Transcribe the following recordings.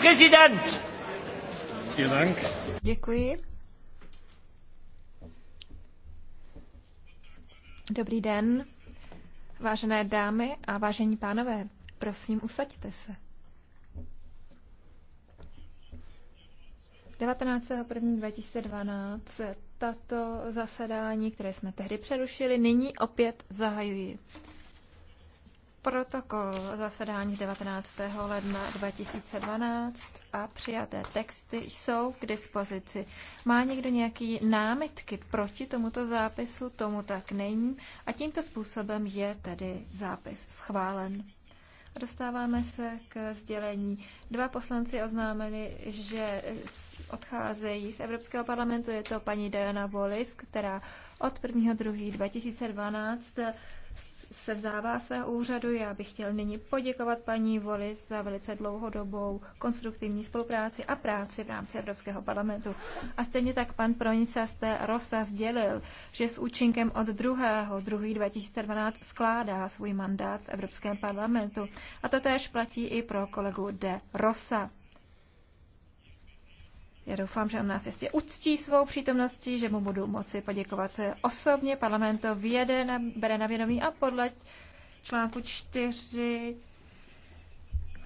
Präsident! Děkuji. Dobrý den, vážené dámy a vážení pánové. Prosím, usaďte se. 19.1.2012 tato zasedání, které jsme tehdy přerušili, nyní opět zahajuji. Protokol zasedání 19. ledna 2012 a přijaté texty jsou k dispozici. Má někdo nějaký námitky proti tomuto zápisu? Tomu tak není. A tímto způsobem je tedy zápis schválen. Dostáváme se k sdělení. Dva poslanci oznámili, že odcházejí z Evropského parlamentu. Je to paní Diana Wallis, která od 2012 se vzdává svého úřadu. Já bych chtěl nyní poděkovat paní Volis za velice dlouhodobou konstruktivní spolupráci a práci v rámci Evropského parlamentu. A stejně tak pan Pronisaste Rosa sdělil, že s účinkem od 2. 2. 2012 skládá svůj mandát v Evropském parlamentu. A to též platí i pro kolegu De Rosa. Já doufám, že on nás jistě uctí svou přítomností, že mu budu moci poděkovat osobně. Parlament to vyjede, na, bere na vědomí a podle článku 4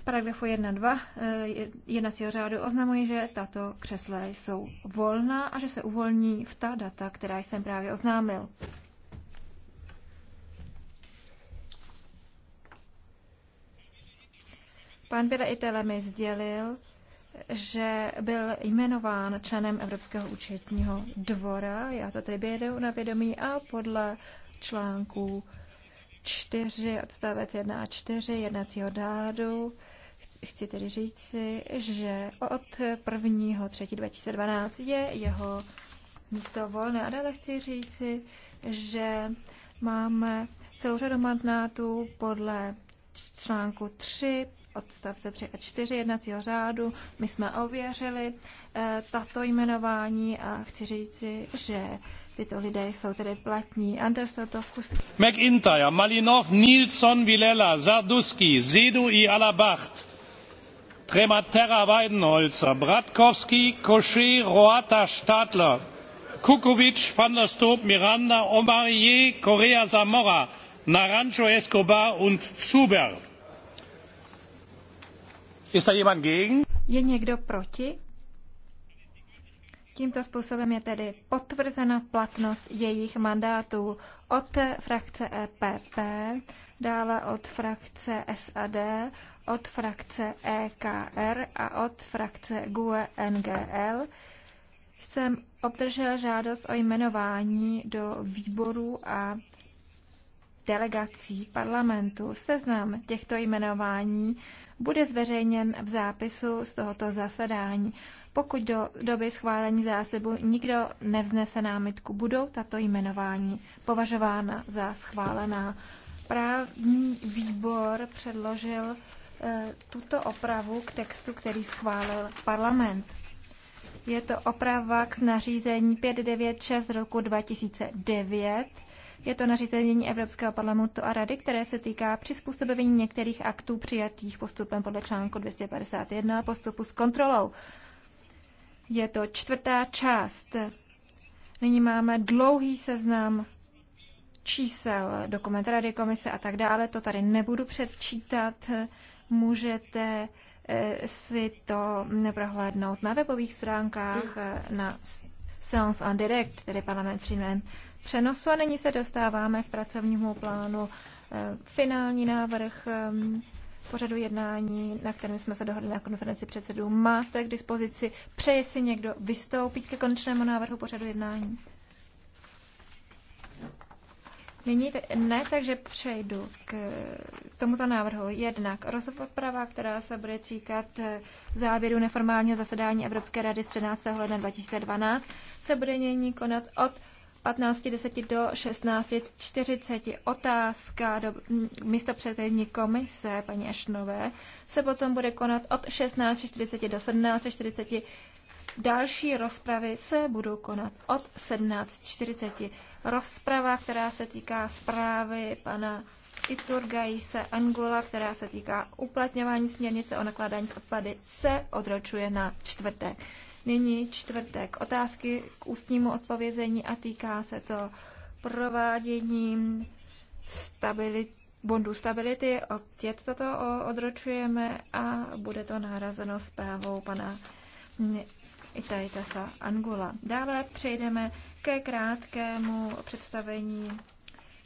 paragrafu z eh, jednacího řádu oznamuji, že tato křesla jsou volná a že se uvolní v ta data, která jsem právě oznámil. Pan Bira Itele mi sdělil, že byl jmenován členem Evropského účetního dvora. Já to tady bědu na vědomí a podle článků 4 odstavec 1 a 4 jednacího dádu chci tedy říci, že od 1. 3. 2012 je jeho místo volné. A dále chci říci, že máme celou řadu mandátů podle článku 3 odstavce 3 a 4 jednacího řádu. My jsme ověřili eh, tato jmenování a chci říci, že tyto lidé jsou tedy platní. Anders Totovkus. McIntyre, Malinov, Nilsson, Vilela, Zardusky, Zidu i Alabacht, Trematera Weidenholzer, Bratkovský, Koši, Roata, Stadler, Kukovic, Van der Stoop, Miranda, Omarie, Correa Zamora, Naranjo Escobar und Zuber je někdo proti? Tímto způsobem je tedy potvrzena platnost jejich mandátů od frakce EPP, dále od frakce SAD, od frakce EKR a od frakce GUE NGL. Jsem obdržel žádost o jmenování do výboru a delegací parlamentu. Seznam těchto jmenování bude zveřejněn v zápisu z tohoto zasedání. Pokud do doby schválení zásobu nikdo nevznese námitku, budou tato jmenování považována za schválená. Právní výbor předložil e, tuto opravu k textu, který schválil parlament. Je to oprava k nařízení 596 roku 2009. Je to nařízení Evropského parlamentu a rady, které se týká přizpůsobení některých aktů přijatých postupem podle článku 251 a postupu s kontrolou. Je to čtvrtá část. Nyní máme dlouhý seznam čísel, dokument Rady, komise a tak dále. To tady nebudu předčítat. Můžete si to prohlédnout na webových stránkách, hmm. na Sales on Direct, tedy parlament přímém přenosu. A nyní se dostáváme k pracovnímu plánu. Eh, finální návrh eh, pořadu jednání, na kterém jsme se dohodli na konferenci předsedů, máte k dispozici. Přeje si někdo vystoupit ke konečnému návrhu pořadu jednání? Nyní ne, takže přejdu k tomuto návrhu. Jednak rozprava, která se bude týkat eh, závěru neformálního zasedání Evropské rady z 13. ledna 2012, se bude nyní konat od 15.10 do 16.40. Otázka do místo předsední komise paní Ešnové se potom bude konat od 16.40 do 17.40. Další rozpravy se budou konat od 17.40. Rozprava, která se týká zprávy pana Iturgais Angola, která se týká uplatňování směrnice o nakládání s odpady, se odročuje na čtvrtek. Nyní čtvrtek. Otázky k ústnímu odpovězení a týká se to provádění stability bondu stability. Opět toto odročujeme a bude to nahrazeno zprávou pana Itaitasa Angula. Dále přejdeme ke krátkému představení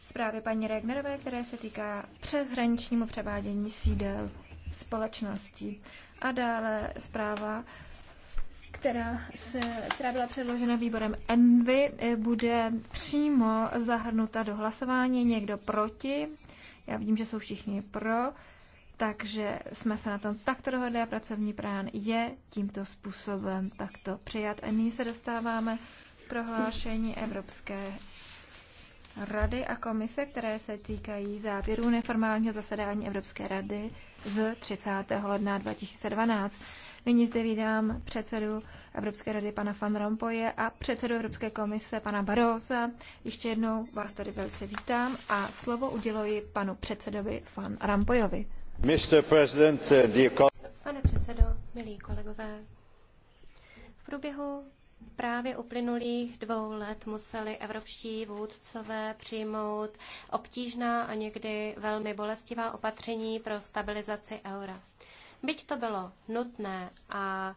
zprávy paní Regnerové, které se týká přeshraničnímu převádění sídel společností. A dále zpráva, která, se, která byla předložena výborem ENVY, eh, bude přímo zahrnuta do hlasování. Někdo proti? Já vidím, že jsou všichni pro. Takže jsme se na tom takto dohodli a pracovní prán je tímto způsobem takto přijat. A nyní se dostáváme k prohlášení Evropské Rady a komise, které se týkají závěrů neformálního zasedání Evropské rady z 30. ledna 2012. Nyní zde vydám předsedu Evropské rady pana Van Rompoje a předsedu Evropské komise pana Barosa. Ještě jednou vás tady velice vítám a slovo uděluji panu předsedovi Van Rampojovi. Pane předsedo, milí kolegové, v průběhu právě uplynulých dvou let museli evropští vůdcové přijmout obtížná a někdy velmi bolestivá opatření pro stabilizaci eura. Byť to bylo nutné a